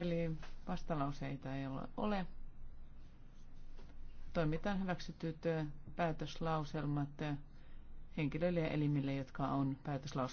Eli vastalauseita ei ole. Toimitaan hyväksytyt päätöslauselmat henkilöille ja elimille, jotka on päätöslauselmat.